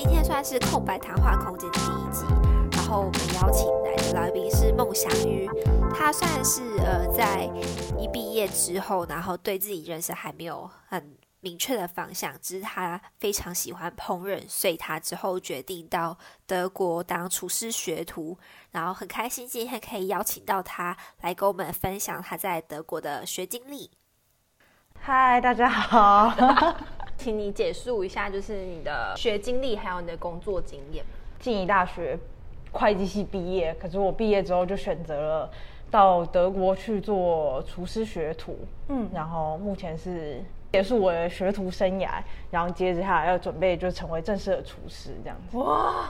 今天算是空白談話空間第一集，然後我們邀請來的來賓是孟祥玉，他算是呃在一畢業之後，然後對自己人生還沒有很明確的方向，只是他非常喜歡烹飪，所以他之後決定到德國當廚師學徒，然後很開心今天可以邀請到他來跟我們分享他在德國的學經歷。嗨，大家好。 請你解釋一下，就是你的學經歷還有你的工作經驗嗎？靜宜大學會計系畢業，可是我畢業之後就選擇了到德國去做廚師學徒。嗯，然後目前是結束我的學徒生涯，然後接着還要準備就成為正式的廚師，這樣子。哇，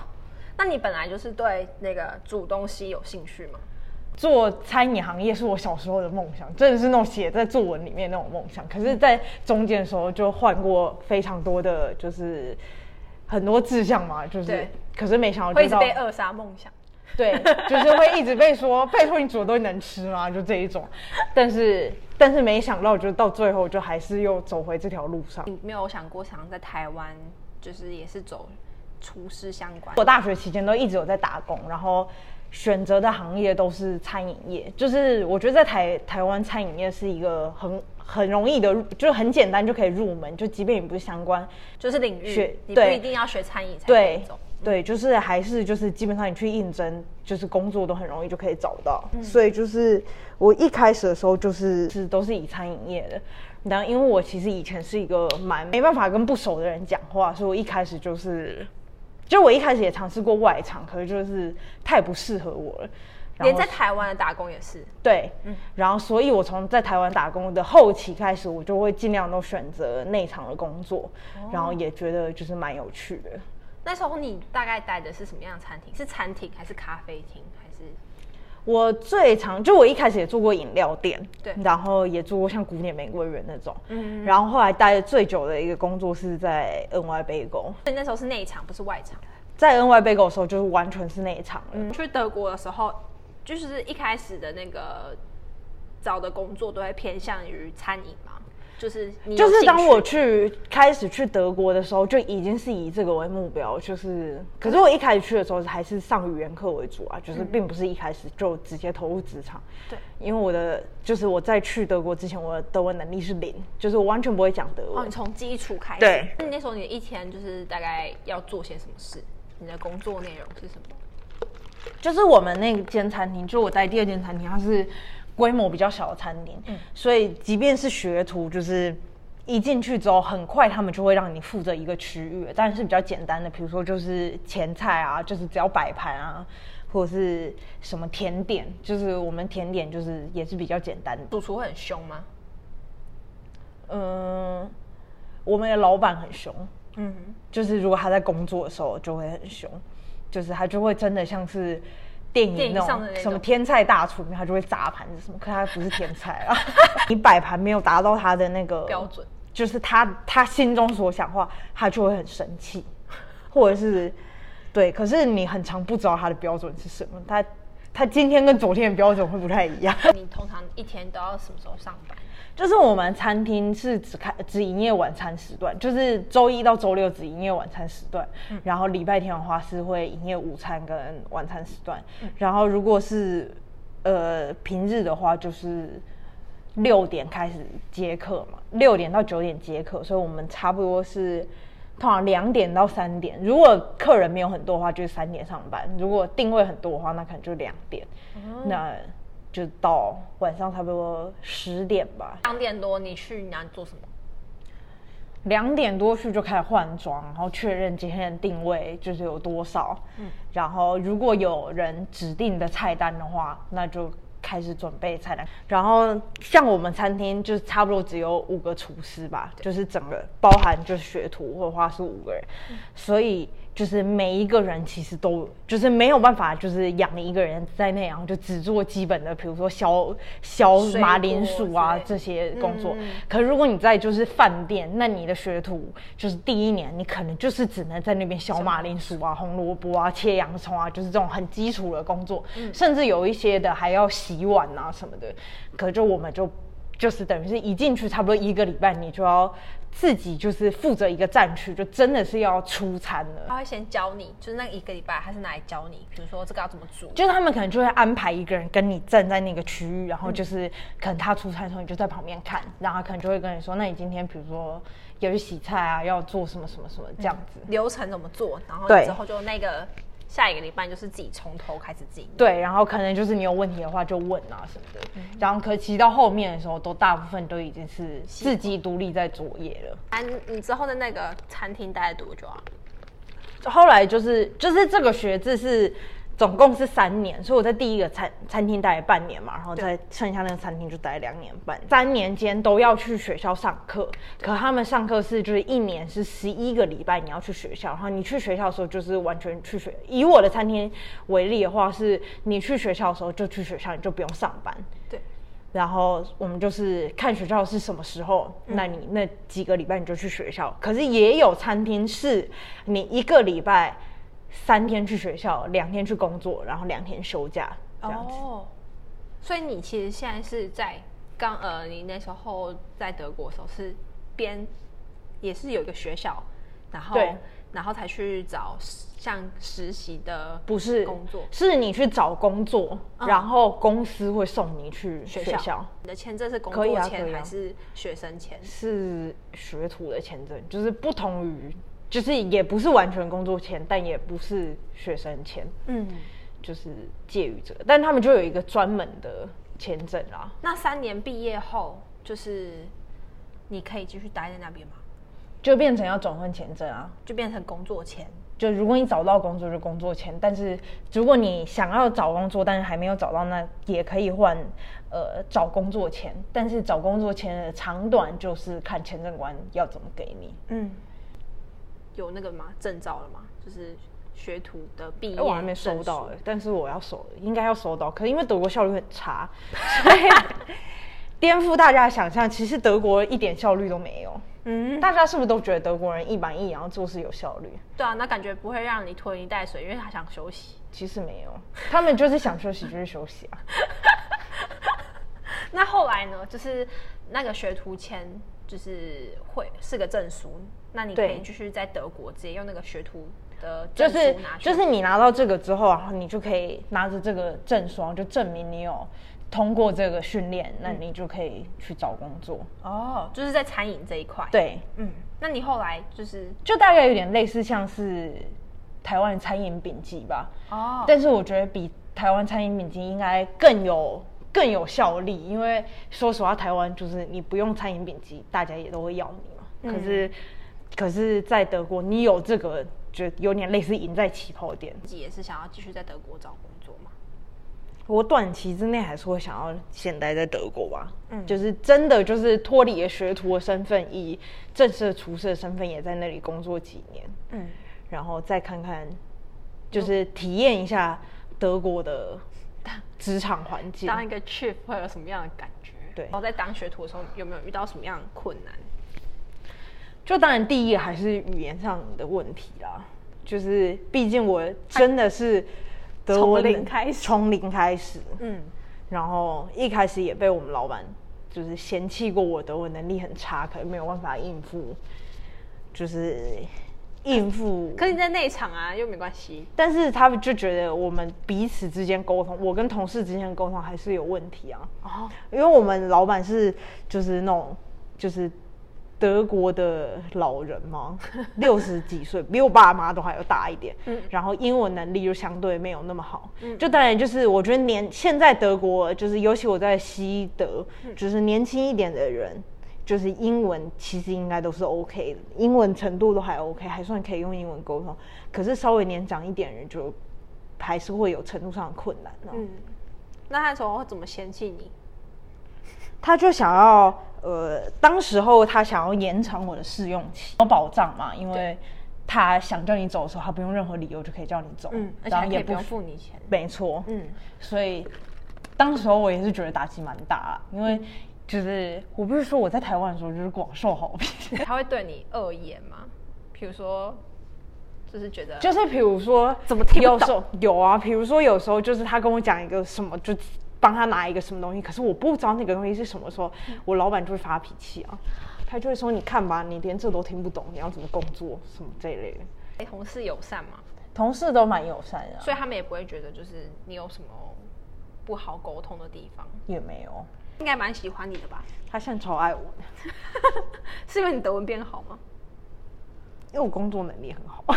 那你本來就是對那個煮東西有興趣嗎？做餐飲行業是我小時候的夢想，真的是那種寫在作文裡面的那種夢想。可是，在中間的時候就換過非常多的，就是很多志向嘛。就是，對可是沒想到，到會一直被扼殺夢想。對， 就是會一直被說，拜託 你煮的都能吃嘛？就這一種。但是，但是沒想到，就到最後，就還是又走回這條路上。你沒有想過想在台灣，就是也是走廚師相關？我大學期間都一直有在打工，然後。選擇的行業都是餐飲業，就是我覺得在台台灣餐飲業是一個很很容易的，就很簡單就可以入門，就即便你不是相關，就是領域，學，對，你不一定要學餐飲才可以走。對，對，就是還是就是基本上你去應徵就是工作都很容易就可以找到，嗯、所以就是我一開始的時候就是、嗯、就是都是以餐飲業的，然後因為我其實以前是一個蠻沒辦法跟不熟的人講話，所以我一開始就是。就我一開始也嘗試過外場，可是就是太不適合我了。連在台灣的打工也是。對，嗯，然後所以我從在台灣打工的後期開始，我就會盡量都選擇內場的工作，哦，然後也覺得就是蠻有趣的。那時候你大概待的是什麼樣的餐廳？是餐廳還是咖啡廳？我最常就我一開始也做過飲料店，對，然後也做過像古典玫瑰園那種，嗯，嗯，然後後來待的最久的一個工作是在 NY Bagel，所以那時候是內場，不是外場。在 NY Bagel 的時候，就是完全是內場。嗯，去德國的時候，就是一開始的那個找的工作，都會偏向於餐飲。就是就是當我去開始去德國的時候，就已經是以這個為目標。就是，可是我一開始去的時候還是上語言課為主啊，就是並不是一開始就直接投入職場。對，因為我的就是我在去德國之前，我的德文能力是零，就是我完全不會講德文。哦，你從基礎開始。對。那，那時候你的一天就是大概要做些什麼事？你的工作內容是什麼？就是我們那間餐廳，就我在第二間餐廳，它是。規模比較小的餐廳，嗯、所以即便是學徒，就是一進去之後，很快他們就會讓你負責一個區域，但是比較簡單的，比如說就是前菜啊，就是只要擺盤啊，或者是什麼甜點，就是我們甜點就是也是比較簡單的。主廚會很兇嗎？嗯、呃，我們的老闆很兇，嗯哼，就是如果他在工作的時候就會很兇，就是他就會真的像是。電影的那種什麼天菜大廚，他就會砸盤子什麼，可他不是天菜啊。 你擺盤沒有達到他的那個標準，就是他他心中所想話，他就會很生氣，或者是、嗯、對。可是你很常不知道他的標準是什麼，他他今天跟昨天的標準會不太一樣。你通常一天都要什麼時候上班？.就是我們餐廳是只開只營業晚餐時段，就是周一到周六只營業晚餐時段，嗯、然後禮拜天的話是會營業午餐跟晚餐時段，然後如果是呃平日的話，就是六點開始接客嘛，六點到九點接客，所以我們差不多是通常兩點到三點，如果客人沒有很多的話，就三點上班；如果訂位很多的話，那可能就兩點。嗯、那就到晚上差不多十點吧。兩點多你去拿做什麼？兩點多去就開始換裝，然後確認今天的訂位就是有多少。然後如果有人指定的菜單的話，那就開始準備菜單。然後像我們餐廳就是差不多只有五個廚師吧，就是整個包含就是學徒或者話是五個人，所以。就是每一個人其實都就是沒有辦法，就是養一個人在那樣，就只做基本的，比如說削削馬鈴薯啊、水果這些工作。嗯、可如果你在就是飯店，那你的學徒就是第一年，你可能就是只能在那邊削馬鈴薯啊、嗯、紅蘿蔔啊、切洋蔥啊，就是這種很基礎的工作。嗯、甚至有一些的還要洗碗啊什麼的。可就我們就就是等於是一進去差不多一個禮拜，你就要。自己就是負責一個站區，就真的是要出餐了。他會先教你，就是那個一個禮拜他是拿來教你，比如說這個要怎麼煮。就是他們可能就會安排一個人跟你站在那個區域，然後就是可能他出餐的時候，你就在旁邊看，嗯、然後可能就會跟你說，那你今天比如說要去洗菜啊，要做什麼什麼什麼這樣子、嗯、流程怎麼做，然後之後就那個。下一個禮拜就是自己從頭開始自己。對，然後可能就是你有問題的話就問啊什麼的，嗯、然後可其實到後面的時候都大部分都已經是自己獨立在作業了。哎、啊，你之後在那個餐廳待了多久啊？後來就是就是這個學制是，總共是三年，所以我在第一個餐餐廳待了半年嘛，然後在剩下那個餐廳就待了兩年半，對三年間都要去學校上課。對可他們上課是就是一年是十一個禮拜，你要去學校，然後你去學校的時候就是完全去學。以我的餐廳為例的話，是你去學校的時候就去學校，你就不用上班。對。然後我們就是看學校是什麼時候，嗯、那你那幾個禮拜你就去學校。可是也有餐廳是你一個禮拜。三天去學校，兩天去工作，然後兩天休假，這樣子，哦，oh, 所以你其實現在是在剛呃，你那時候在德國時候是邊也是有一個學校，然後對然後才去找像實習的工作不是工作，是你去找工作，oh. 然後公司會送你去學校。學校你的簽證是工作簽還是學生簽？啊啊、是學徒的簽證，就是不同於。就是也不是完全工作簽，但也不是學生簽，嗯，就是介於這，但他們就有一個專門的簽證啦、啊。那三年畢業後，就是你可以繼續待在那邊嗎？就變成要轉換簽證啊？就變成工作簽，就如果你找到工作就工作簽，但是如果你想要找工作，但是還沒有找到那，那也可以換呃找工作簽，但是找工作簽的長短就是看簽證官要怎麼給你，嗯。有那個嗎？證照了嗎？就是學徒的畢業證。我還沒收到，但是我要收，應該要收到。可是因為德國效率很差，顛 覆大家的想象其實德國一點效率都沒有。嗯，大家是不是都覺得德國人一板一眼，然後做事有效率？對啊，那感覺不會讓你拖泥帶水，因為他想休息。其實沒有，他們就是想休息就是休息啊。 那後來呢？就是那個學徒簽就是會是個證書，那你可以繼續在德國直接用那個學徒的證書、就是、就是你拿到這個之後然後你就可以拿着這個證書，就證明你有通過這個訓練，嗯、那你就可以去找工作哦，就是在餐飲這一塊。對，嗯，那你後來就是就大概有點類似像是台灣餐飲丙級吧。哦，但是我覺得比台灣餐飲丙級應該更有。更有效力，因為說實話，台灣就是你不用餐飲品級，大家也都會要你嘛。可是、嗯，可是在德國，你有這個就有點類似贏在起跑點。自己也是想要繼續在德國找工作嘛？我短期之內還是會想要先待在德國吧。嗯，就是真的就是脫離了學徒的身份，以正式廚師的身份也在那裡工作幾年。嗯，然後再看看，就是體驗一下德國的。職場環境，當一個 chef 會有什麼樣的感覺？對，然後在當學徒的時候有沒有遇到什麼樣的困難？就當然，第一還是語言上的問題啦。就是，畢竟我真的是德文零開始，從零開始。嗯，然後一開始也被我們老闆就是嫌棄過我，我德文能力很差，可能沒有辦法應付，就是。應付，可你在內場啊，又沒關係。但是他就覺得我們彼此之間溝通，我跟同事之間的溝通還是有問題啊。哦，因為我們老板是就是那種就是德國的老人嘛，六十幾歲， 比我爸媽都還要大一點。嗯，然後英文能力又相對沒有那麼好。嗯，就當然就是我覺得年現在德國就是尤其我在西德，嗯、就是年輕一點的人。就是英文其實應該都是 OK 的，英文程度都還 OK，還算可以用英文溝通。可是稍微年長一點人就還是會有程度上的困難的。嗯，那他之後會怎麼嫌棄你？他就想要呃，當時候他想要延長我的試用期，有保障嘛？因為他想叫你走的時候，他不用任何理由就可以叫你走，嗯，然後而且也不用付你錢。沒錯，嗯，所以當時候我也是覺得打擊蠻大，因為，嗯就是我不是說我在台灣的時候就是廣受好評， 他會對你惡言嗎？比如說，就是覺得就是比如說怎麼聽？有時候有啊，比如說有時候就是他跟我講一個什麼，就幫他拿一個什麼東西，可是我不知道那個東西是什麼時候，說、嗯、我老闆就會發脾氣啊，他就會說你看吧，你連這都聽不懂，你要怎麼工作？什麼這一類的。哎，同事友善嗎？同事都蠻友善的，啊，所以他們也不會覺得就是你有什麼不好溝通的地方也沒有。應該蠻喜歡你的吧？他現在超愛我， 是因為你德文變得好嗎？因為我工作能力很好。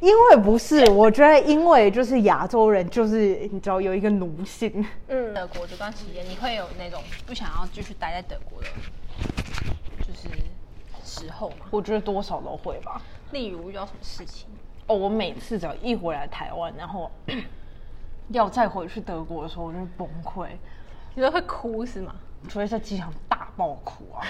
因為不是，我覺得因為就是亞洲人就是你知道有一個奴性。嗯，德國這段期間，你會有那種不想要繼續待在德國的，就是時候嗎？我覺得多少都會吧。例如遇到什麼事情？哦，我每次只要一回來台灣，然後。 要再回去德國的時候會，我就崩潰。你覺得會哭是嗎？除非在機場大爆哭啊。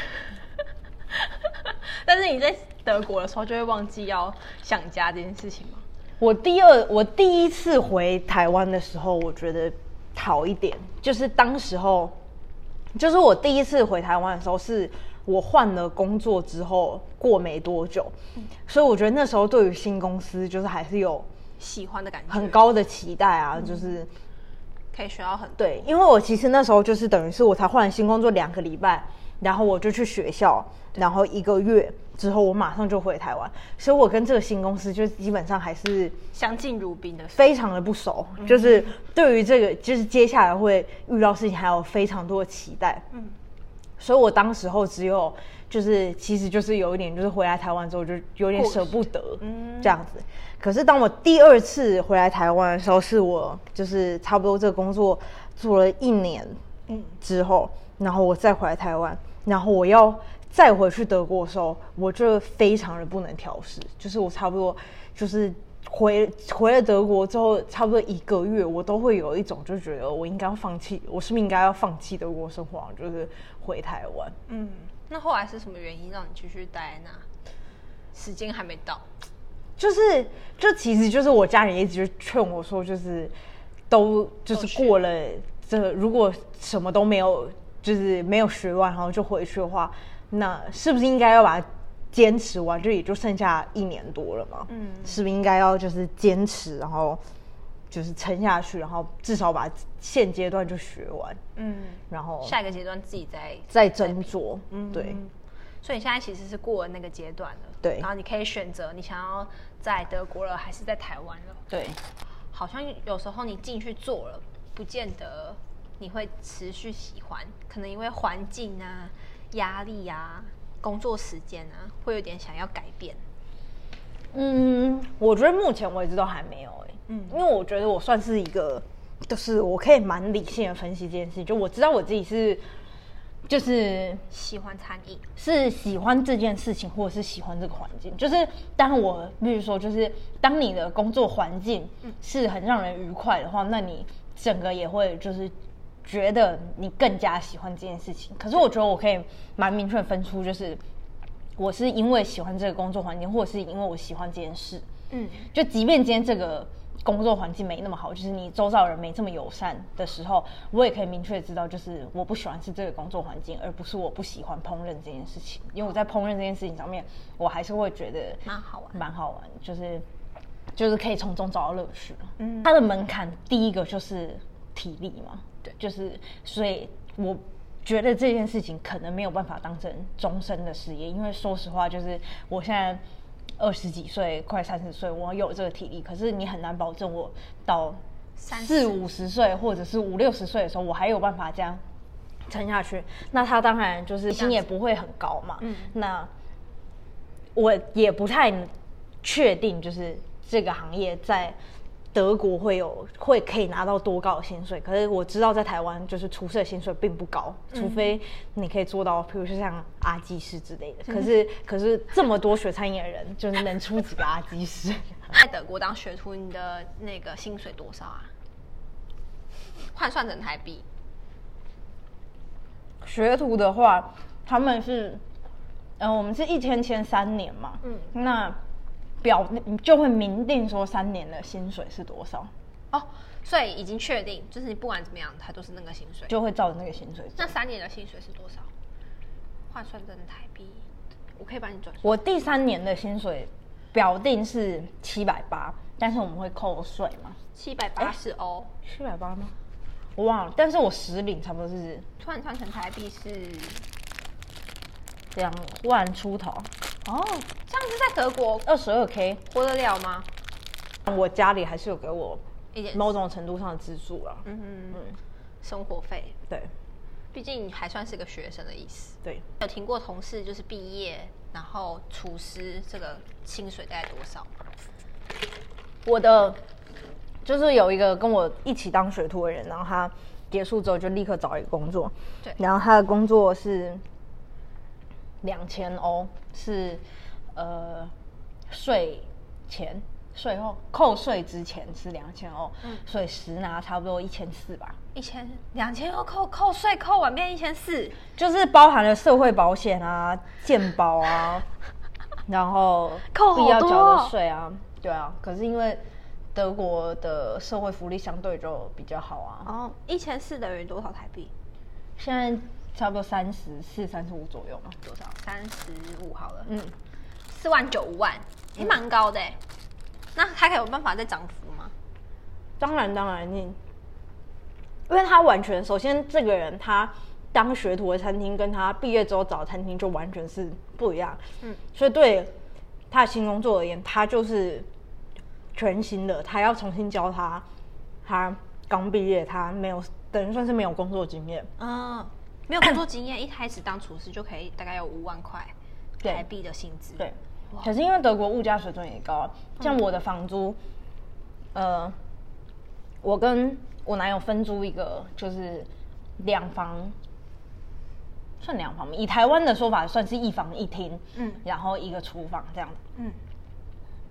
但是你在德國的時候就會忘記要想家這件事情嗎？我第二，我第一次回台灣的時候，我覺得好一點，嗯、就是當時候，就是我第一次回台灣的時候，是我換了工作之後過沒多久，嗯、所以我覺得那時候對於新公司就是還是有。喜歡的感覺，很高的期待啊，嗯、就是可以學到很多，對。因為我其實那時候就是等於是我才換了新工作兩個禮拜，然後我就去學校，對然後一個月之後我馬上就回台灣，所以我跟這個新公司就基本上還是相敬如賓的，非常的不熟。就是對於這個，就是接下來會遇到事情，還有非常多的期待。嗯，所以我當時候只有就是，其實就是有一點，就是回來台灣之後就有點捨不得，嗯、這樣子。可是當我第二次回來台灣的時候，是我就是差不多這個工作做了一年，嗯，之後，然後我再回來台灣，然後我要再回去德國的時候，我就非常的不能調適，就是我差不多就是回回了德國之後，差不多一個月，我都會有一種就覺得我應該要放棄，我是不是應該要放棄德國生活，就是回台灣？嗯，那後來是什麼原因讓你繼續待呢那？時間還沒到。就是，就，其實就是我家人一直就勸我說，就是，都就是過了這，這如果什麼都沒有，就是沒有學完，然後就回去的話，那是不是應該要把它堅持完？就也就剩下一年多了嘛，嗯，是不是應該要就是堅持，然後就是撐下去，然後至少把現階段就學完，嗯，然後下一個階段自己再再斟酌，再嗯，對，所以你現在其實是過了那個階段了，對，然後你可以選擇你想要。在德國了，還是在台灣了？對，好像有時候你進去做了，不見得你會持續喜歡，可能因為環境啊、壓力啊、工作時間啊，會有點想要改變。嗯，我覺得目前為止都還沒有、欸、嗯，因為我覺得我算是一個，就是我可以蠻理性的分析這件事，就我知道我自己是。就是喜歡餐飲，是喜歡這件事情，或者是喜歡這個環境。就是當我，比如說，就是當你的工作環境是很讓人愉快的話，那你整個也會就是覺得你更加喜歡這件事情。可是我覺得我可以蠻明確的分出，就是我是因為喜歡這個工作環境，或者是因為我喜歡這件事。嗯，就即便今天這個。工作環境沒那麼好，就是你周遭人沒這麼友善的時候，我也可以明確知道，就是我不喜歡是這個工作環境，而不是我不喜歡烹飪這件事情。好因為我在烹飪這件事情上面，我還是會覺得蠻好玩，蠻好玩，就是就是可以從中找到樂趣。嗯，它的門檻第一個就是體力嘛，對，就是所以我覺得這件事情可能沒有辦法當成終身的事業，因為說實話，就是我現在。二十幾歲，快三十歲，我有這個體力。可是你很難保證我到四五十歲，或者是五六十歲的時候，我還有辦法這樣撐下去。那他當然就是薪也不會很高嘛。那我也不太確定，就是這個行業在。德國會有會可以拿到多高的薪水？可是我知道在台灣就是廚師的薪水並不高，除非你可以做到，比如說像阿基師之類的。嗯、可是可是這麼多學餐飲的人，就是能出幾個阿基師？在 德國當學徒，你的那個薪水多少啊？換算成台幣。學徒的話，他們是，呃，我們是一簽簽三年嘛，嗯，那。表，那你就會明定說三年的薪水是多少哦，所以已經確定，就是不管怎麼樣，它都是那個薪水，就會照着那個薪水。那三年的薪水是多少？換算成台幣，我可以幫你轉。我第三年的薪水表定是七百八，但是我們會扣稅嘛？七百八十歐？七百八嗎？我忘了，但是我實領差不多是，換算成台幣是兩萬出頭。哦，這樣子，在德國二十二 k 活得了嗎？了嗎？我家裡還是有給我一點某種程度上的資助了、啊。嗯嗯嗯，嗯，生活費對，畢竟還算是個學生的意思。對，有聽過同事，就是畢業然後廚師這個薪水大概多少？我的就是有一個跟我一起當學徒的人，然後他結束之後就立刻找一個工作，對，然後他的工作是。兩千歐是，呃，稅前、稅後、扣稅之前是兩千歐，嗯，所以實拿差不多一千四吧。一千兩千歐扣扣稅扣完變一千四，就是包含了社會保險啊、健保啊， 然後扣要繳的稅啊，哦、對啊。可是因為德國的社會福利相對就比較好啊。然後、哦、一千四等於多少台幣？現在。差不多三十四、三十五左右嘛，多少？三十五好了。嗯，四萬九萬也蠻高的。嗯、那他可以有辦法再漲幅嗎？當然當然，你，因為他完全首先這個人他當學徒的餐廳跟他畢業之後找餐廳就完全是不一樣。嗯，所以對他的新工作而言，他就是全新的，他要重新教他。他剛畢業，他沒有等於算是沒有工作經驗。嗯、哦。 沒有工作經驗，一開始當廚師就可以大概有五萬塊台幣的薪資。對，可是 Wow 因為德國物價水準也高、啊，像我的房租，嗯、呃，我跟我男友分租一個，就是兩房，嗯、算兩房嘛，以台灣的說法算是一房一廳，嗯，然後一個廚房這樣的嗯，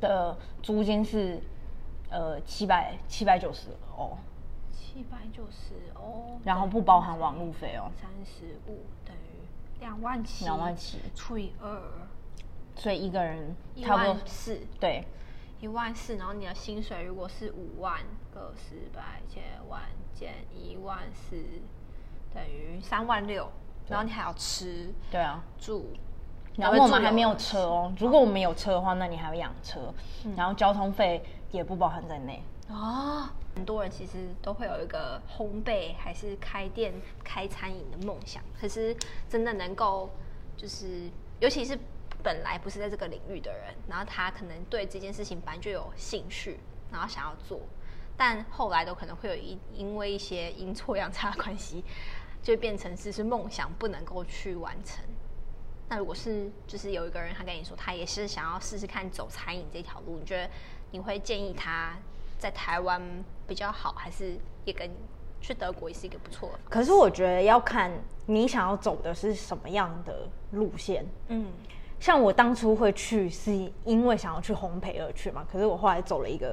的租金是呃七百七百九十歐。700, 一百九十哦，然後不包含網路費哦，三十五等於兩萬七，兩萬七除以二，所以一個人一萬四，對，一萬四。然後你的薪水如果是五萬，個四百千萬減一萬四，等於三萬六。然後你還要吃，對啊，住。然後我們還沒有車哦，兩萬四，如果我們有車的話，那你還要養車，嗯，然後交通費也不包含在內。哦，oh, 很多人其實都會有一個烘焙還是開店開餐飲的夢想，可是真的能夠就是，尤其是本來不是在這個領域的人，然後他可能對這件事情本來就有興趣，然後想要做，但後來都可能會有一因為一些陰錯陽差的關係，就變成是是夢想不能夠去完成。那如果是就是有一個人他跟你說他也是想要試試看走餐飲這條路，你覺得你會建議他？在台灣比較好，還是也跟去德國也是一個不錯的。可是我覺得要看你想要走的是什麼樣的路線。嗯，像我當初會去是因為想要去烘焙而去嘛。可是我後來走了一個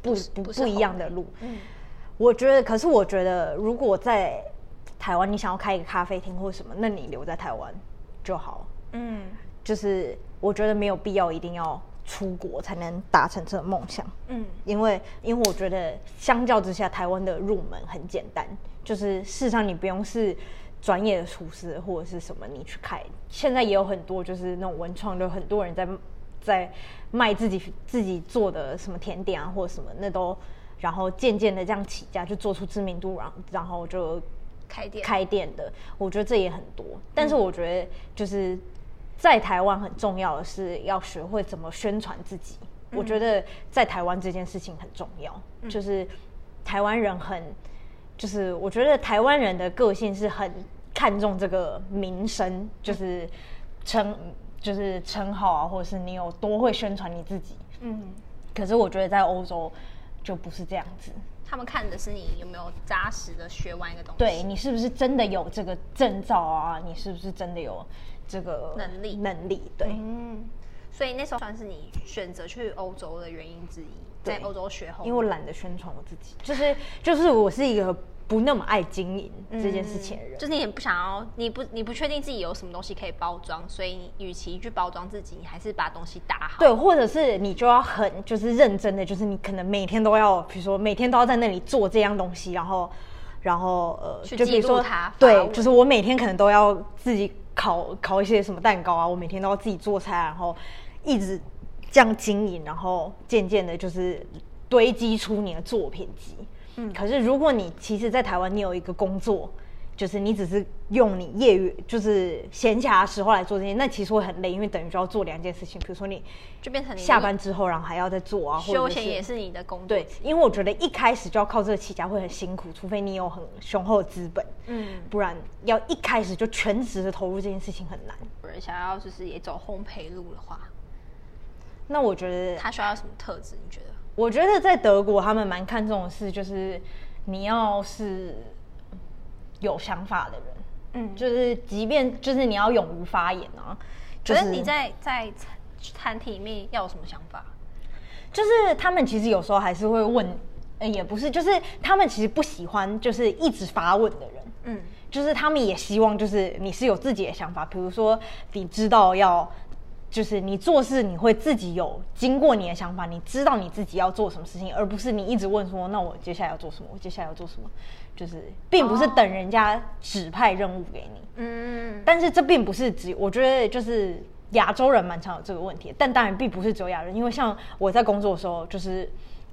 不不不，不，不一樣的路。嗯，我覺得，可是我覺得，如果在台灣你想要開一個咖啡廳或什麼，那你留在台灣就好。嗯，就是我覺得沒有必要一定要。出國才能達成這個夢想，嗯，因為因為我覺得相較之下，台灣的入門很簡單，就是事實上你不用是專業的廚師或者是什麼，你去開。現在也有很多就是那種文創，就很多人在在賣自己自己做的什麼甜點啊或者什麼，那都然後漸漸的這樣起家，就做出知名度，然後然後就開店開店的。我覺得這也很多，但是我覺得就是。嗯在台灣很重要的是要學會怎麼宣傳自己。我覺得在台灣這件事情很重要，就是台灣人很，就是我覺得台灣人的個性是很看重這個名聲，就是稱，就是稱號啊，或者是你有多會宣傳你自己。嗯，可是我覺得在歐洲就不是這樣子。他們看的是你有沒有扎實的學完一個東西，對你是不是真的有這個證照啊？你是不是真的有這個能力？能力對。嗯，所以那時候算是你選擇去歐洲的原因之一，在歐洲學後。因為我懶得宣傳我自己，就是就是我是一個。不那麼愛經營、嗯、這件事情，人就是你很不想要，你不，你不確定自己有什麼東西可以包裝，所以你與其去包裝自己，你還是把東西打好。對，或者是你就要很就是認真的，就是你可能每天都要，比如說每天都要在那裡做這樣東西，然後，然後呃，去就比如說他，對，就是我每天可能都要自己烤烤一些什麼蛋糕啊，我每天都要自己做菜啊，然後一直這樣經營，然後漸漸的，就是堆積出你的作品集。可是，如果你其實，在台灣你有一個工作，就是你只是用你業餘，就是閒暇的時候來做這些，那其實會很累，因為等於就要做兩件事情。比如說，你就變成下班之後，然後還要再做啊。或者休閒也是你的工作的。對，因為我覺得一開始就要靠這個起家會很辛苦，除非你有很雄厚的資本，嗯，不然要一開始就全職的投入這件事情很難。有人想要就是也走烘焙路的話，那我覺得他需要什麼特質？你覺得？我覺得在德國，他們蠻看重的是，就是你要是有想法的人，嗯，就是即便就是你要勇於發言啊，可是你在，就是、在團體裡面要有什麼想法，就是他們其實有時候還是會問，也不是，就是他們其實不喜歡就是一直發問的人，嗯，就是他們也希望就是你是有自己的想法，比如說你知道要。就是你做事，你會自己有經過你的想法，你知道你自己要做什麼事情，而不是你一直問說：“那我接下來要做什麼？我接下來要做什麼？”就是並不是等人家指派任務給你。嗯，但是這並不是只，我覺得就是亞洲人蠻常有這個問題，但當然並不是只有亞人，因為像我在工作的時候，就是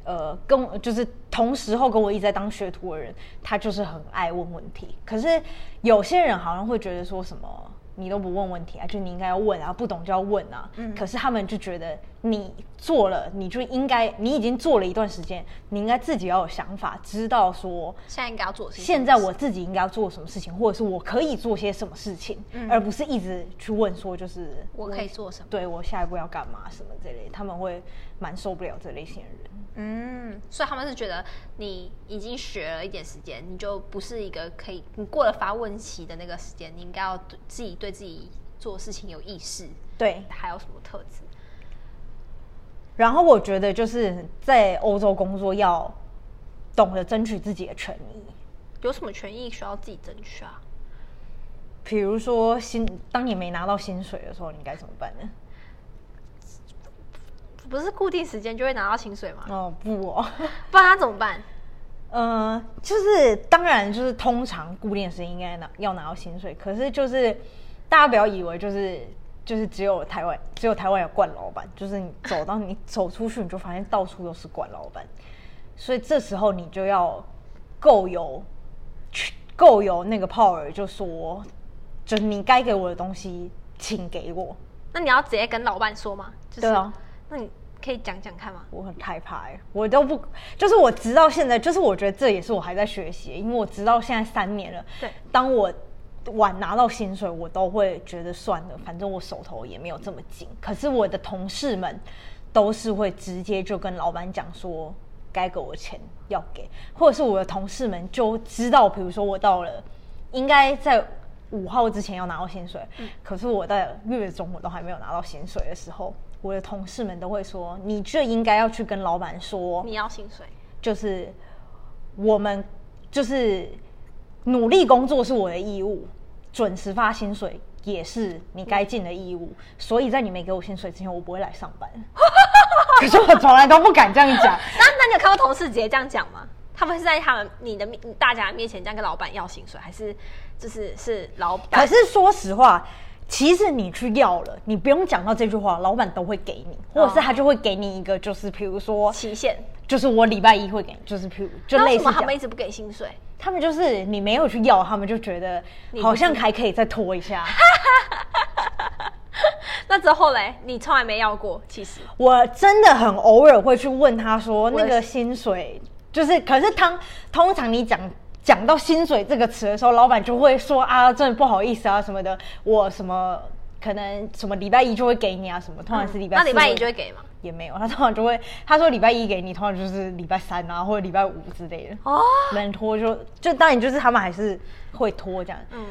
呃跟就是同時候跟我一直在當學徒的人，他就是很愛問問題。可是有些人好像會覺得說什麼。你都不問問題啊？就你應該要問啊，不懂就要問啊。嗯，可是他們就覺得。你做了，你就應該，你已經做了一段時間，你應該自己要有想法，知道說現在應該要做些什麼。現在我自己應該要做什麼事情，或者是我可以做些什麼事情，嗯，而不是一直去問說就是我可以做什麼？對，我下一步要幹嘛什麼這類，他們會蠻受不了這類型的人。嗯，所以他們是覺得你已經學了一點時間，你就不是一個可以你過了發問期的那個時間，你應該要對自己對自己做事情有意識。對，還有什麼特質？然後我覺得就是在歐洲工作要懂得爭取自己的權益，有什麼權益需要自己爭取啊？比如說薪，當你沒拿到薪水的時候，你該怎麼辦呢？不是固定時間就會拿到薪水嗎？哦不哦，不然他怎麼辦？嗯、呃，就是當然就是通常固定時間應該拿要拿到薪水，可是就是大家不要以為就是。就是只有台灣，只有台灣有慣老板。就是你走到你走出去，你就發現到處都是慣老板。所以這時候你就要夠有夠有那個 power，就說，就是你該給我的東西，請給我。那你要直接跟老板說嗎？就是、對啊。那你可以講講看嗎？我很害怕、欸，我都不，就是我直到現在，就是我覺得這也是我還在學習，因為我直到現在三年了。對，當我。晚拿到薪水，我都會覺得算了，反正我手頭也沒有這麼緊。可是我的同事們都是會直接就跟老板講說，該給我錢要給，或者是我的同事們就知道，比如說我到了應該在五號之前要拿到薪水，嗯、可是我在月中我都還沒有拿到薪水的時候，我的同事們都會說，你就應該要去跟老板說，你要薪水，就是我們就是努力工作是我的義務。準時發薪水也是你該盡的義務，嗯、所以在你沒給我薪水之前，我不會來上班。 可是我從來都不敢這樣講。 那那你有看過同事直接這樣講嗎？他們是在他們你的面，大家面前這樣跟老板要薪水，還是就是是老板？可是說實話，其實你去要了，你不用講到這句話，老板都會給你，或者是他就會給你一個，就是譬如說、嗯、期限。就是我禮拜一會給，就是譬如就類似講。那他們一直不給薪水？他們就是你沒有去要，他們就覺得好像還可以再拖一下。 那之後嘞，你從來沒要過，其實。我真的很偶爾會去問他說，那個薪水的就是，可是他通常你講講到薪水這個詞的時候，老板就會說啊，真的不好意思啊什麼的，我什麼可能什麼禮拜一就會給你啊什麼，通常、嗯、是禮拜那禮拜一就會給嗎？也沒有，他通常就會他說禮拜一給你，通常就是禮拜三啊，或者禮拜五之類的。哦，能拖就就當然就是他們還是會拖這樣。嗯。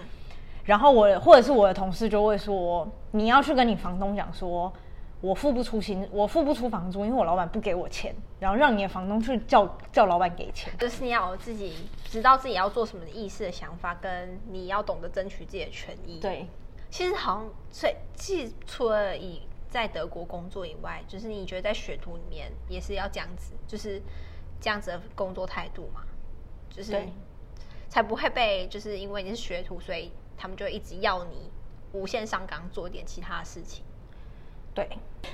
然後我或者是我的同事就會說，你要去跟你房東講，說我付不出薪，我付不出房租，因為我老板不給我錢。然後讓你的房東去叫叫老板給錢。就是你要自己知道自己要做什麼的意思的想法，跟你要懂得爭取自己的權益。對。其實好像最，除了以。在德國工作以外，就是你覺得在學徒裡面也是要這樣子，就是這樣子的工作態度嘛？就是才不會被就是因為你是學徒，所以他們就一直要你無限上崗做一點其他的事情。對，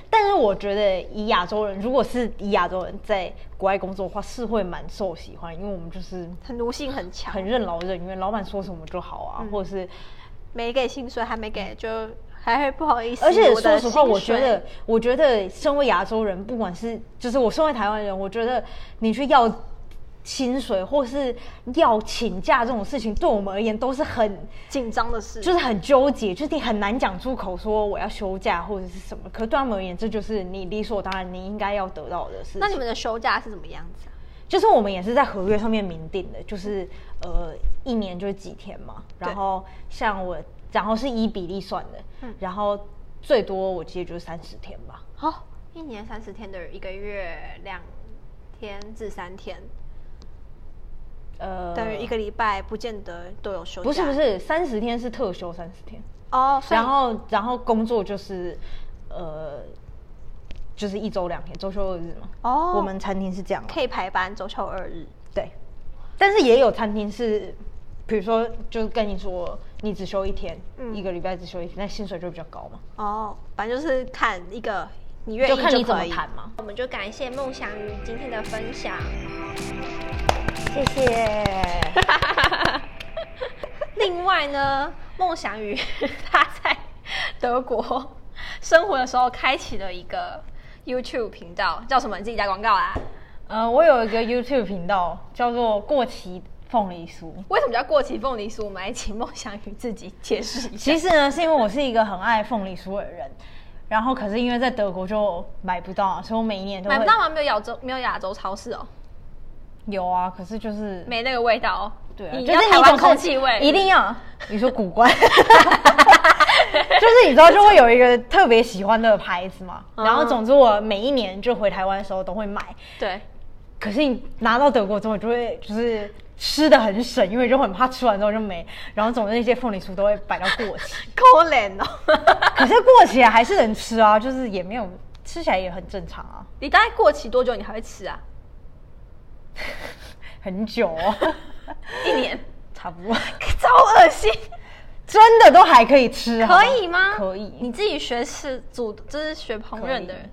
但是我覺得以亞洲人，如果是以亞洲人在國外工作的話，是會蠻受喜歡，因為我們就是很奴性很強，很任勞任怨，老闆說什麼就好啊，嗯、或者是沒給薪水還沒給就。嗯還不好意思。而且說實話，我，我覺得，我覺得身為亞洲人，不管是就是我身為台灣人，我覺得你去要薪水或是要請假這種事情，對我們而言都是很緊張的事，就是很糾結，就是你很難講出口說我要休假或者是什麼。可是對他們而言，這就是你理所當然，你應該要得到的事情。那你們的休假是怎麼樣子啊？就是我們也是在合約上面明定的，就是、嗯、呃一年就幾天嘛。然後像我。然後是以比例算的，嗯、然後最多我記得就是三十天吧。好，一年三十天等於一個月兩天至三天，呃，等於一個禮拜不見得都有休。不是不是，三十天是特休三十天。哦，然後然後工作就是呃，就是一周兩天，周休二日嘛。哦，我們餐廳是這樣的，可以排班周休二日。對，但是也有餐廳是，比如說，就跟你說。你只休一天，嗯、一個禮拜只休一天，那薪水就比較高嘛。哦，反正就是看一個，你願意就，你，就你怎麼談嘛。我們就感謝夢想於今天的分享，謝謝。 另外呢，夢想於他在德國生活的時候，開啟了一個 YouTube 頻道，叫什麼？你自己打廣告啦。嗯、呃，我有一個 YouTube 頻道，叫做過期。鳳梨酥為什麼叫過期鳳梨酥？我們來夢想與自己解釋一下。其實呢，是因為我是一個很愛鳳梨酥的人，然後可是因為在德國就買不到，所以我每一年都買不到嗎？沒有亞洲，沒有亞洲超市哦。有啊，可是就是沒那個味道哦。對啊，就是你聞空氣味，一定要。你說古怪，就是你知道就會有一個特別喜歡的牌子嘛。然後總之我每一年就回台灣的時候都會買。對。可是你拿到德國之後就會就是。吃的很省，因為就很怕吃完之後就沒。然後總之那些鳳梨酥都會擺到過期，可憐累哦。 可是過期還是能吃啊，就是也沒有，吃起來也很正常啊。你大概過期多久你還會吃啊？ 很久哦， 一年 差不多。超噁心，真的都還可以吃啊。可以嗎？ 可以。你自己學煮，就是學烹飪的人，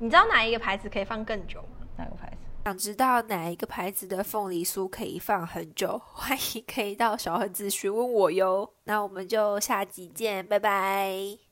以你知道哪一個牌子可以放更久嗎？哪個牌子？想知道哪一個牌子的鳳梨酥可以放很久？歡迎可以到小盒子詢問我喲。那我們就下集見，拜拜。